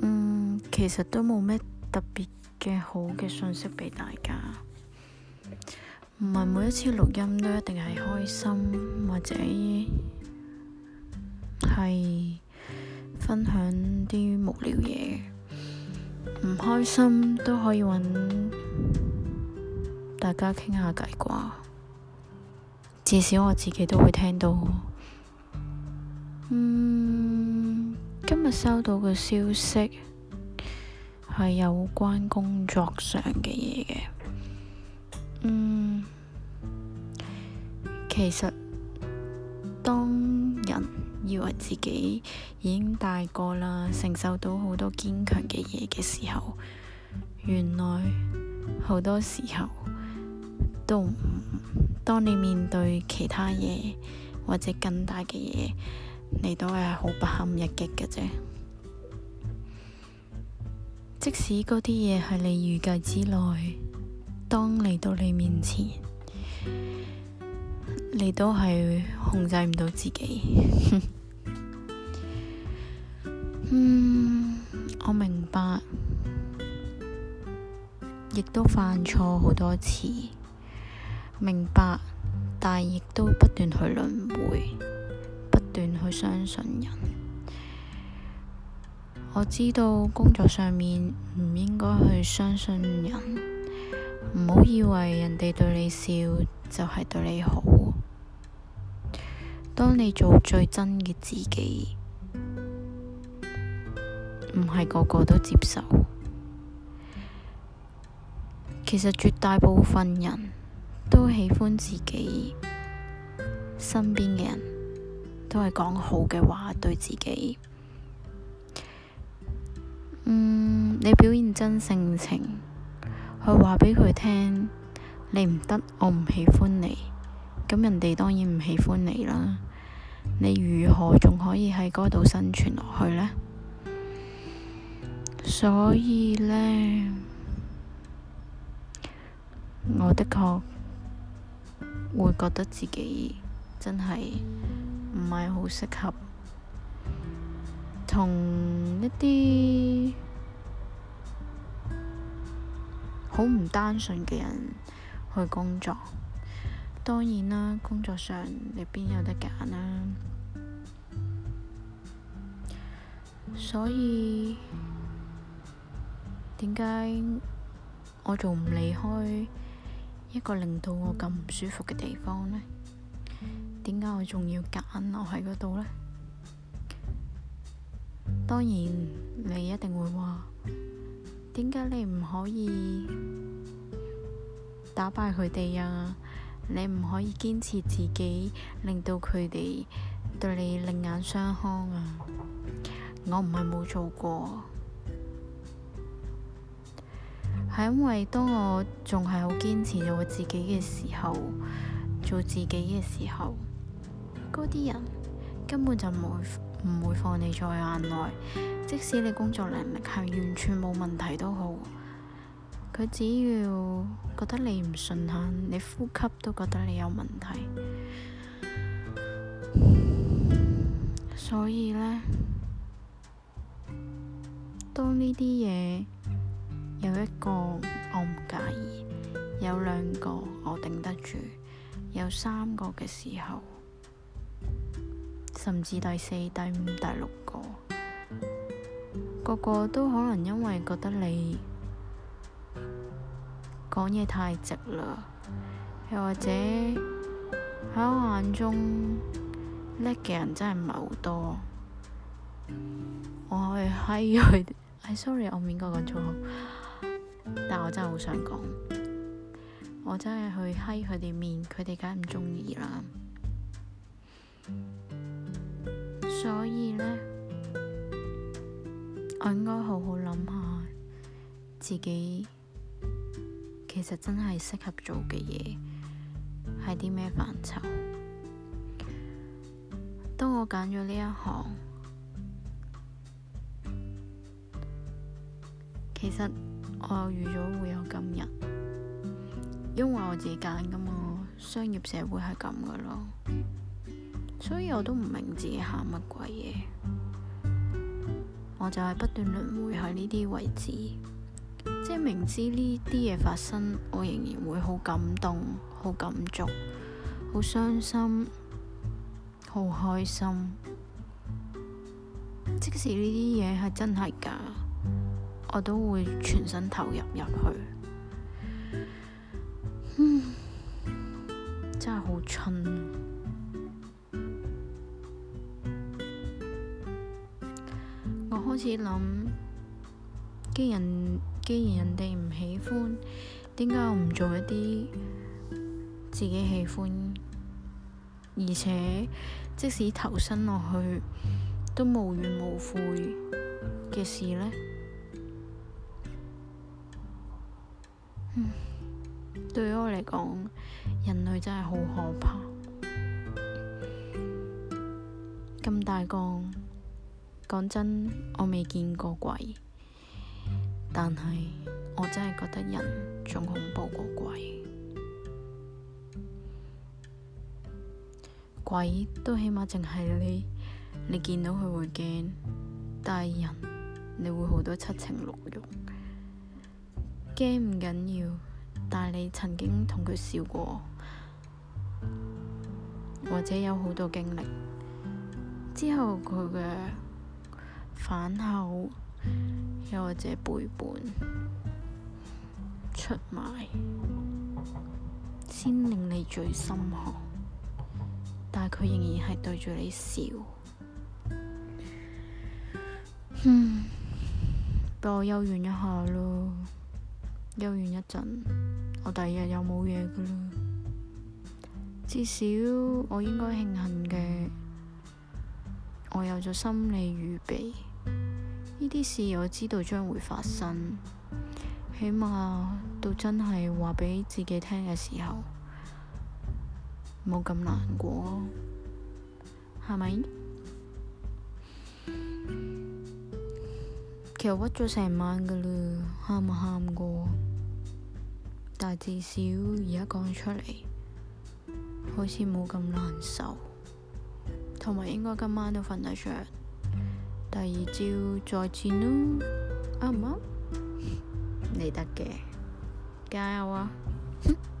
嗯，其實都冇咩特別嘅好嘅信息俾大家。唔係每一次錄音都一定係開心，或者係分享啲無聊嘢。唔開心都可以揾大家傾下偈啩，至少我自己都會聽到。嗯今日收到嘅消息係有關工作上嘅嘢嘅。嗯，其實當人以為自己已經大個啦，承受到好多堅強嘅嘢嘅時候，原來好多時候都唔，當你面對其他嘢或者更大嘅嘢。你都係好不堪一擊嘅啫，即使嗰啲嘢係你預計之內，當嚟到你面前，你都係控制唔到自己。 嗯，我明白，亦都犯錯好多次，明白，但亦都不斷去輪迴。斷去相信人，我知道工作上面唔應該去相信人，唔好以為人哋對你笑就係對你好。當你做最真嘅自己，唔係個個都接受。其實絕大部分人都喜歡自己身邊嘅人。都係講好嘅話，對自己，嗯，你表現真性情，去話俾佢聽，你唔得，我唔喜歡你，咁人哋當然唔喜歡你啦。你如何仲可以喺嗰度生存落去呢？所以呢，我的確會覺得自己真係。唔係好適合同一啲好唔單純嘅人去工作。當然啦，工作上你邊有得揀啦、啊。所以點解我仲唔離開一個令到我咁唔舒服嘅地方呢？點解我仲要揀留喺嗰度呢？當然你一定會話，點解你唔可以打敗佢哋啊？你唔可以堅持自己，令到佢哋對你另眼相看啊？我唔係冇做過，係因為當我仲係好堅持我自己嘅時候，做自己嘅時候。嗰啲人根本就唔會唔會放你在眼內，即使你工作能力係完全冇問題都好，佢只要覺得你唔順眼，你呼吸都覺得你有問題，所以呢，當呢啲嘢，有一個我唔介意，有兩個我頂得住，有三個嘅時候。甚至第四、第五、第六個，個個都可能因為覺得你講嘢太直啦，又或者喺我眼中叻嘅 人真係唔係好多。我去閪佢，哎 ，sorry，我唔應該講粗口，但我真係好想講，我真係去閪佢哋面，佢哋梗係唔中意啦。所以呢，我應該好好諗下自己其實真係適合做嘅嘢係啲咩範疇。當我揀咗呢一行，其實我又預咗會有今日，因為我自己揀噶嘛，商業社會係咁噶咯。所以我都唔明自己喊乜鬼嘢，我就係不斷輪迴喺呢啲位置，即係明知呢啲嘢發生，我仍然會好感動、好感觸、好傷心、好開心。即使呢啲嘢係真係假的，我都會全身投入入去。我開始諗，既然既然人哋唔喜歡，點解我唔做一啲自己喜歡，而且即使投身落去都無怨無悔嘅事呢？嗯、對於我嚟講，人類真係好可怕，咁大個。講真，我未見過鬼，但係我真係覺得人仲恐怖過鬼。鬼都起碼淨係你，你見到佢會驚，但係人你會好多七情六欲。驚唔緊要，但係你曾經同佢笑過，或者有好多經歷，之後佢嘅。反口，又或者背叛、出賣，先令你最心寒。但佢仍然係對住你笑。嗯，畀我幽怨一下咯，幽怨一陣，我第二日又冇嘢噶啦。至少我應該慶幸嘅，我有咗心理預備。呢啲事我知道將會發生，起碼到真係話畀自己聽嘅時候冇咁難過，係咪？其實屈咗成晚㗎啦，喊啊喊過，但至少而家講出嚟，好似冇咁難受，同埋應該今晚都瞓得着。第二招再戰咯，啱唔啱？你得嘅，加油啊！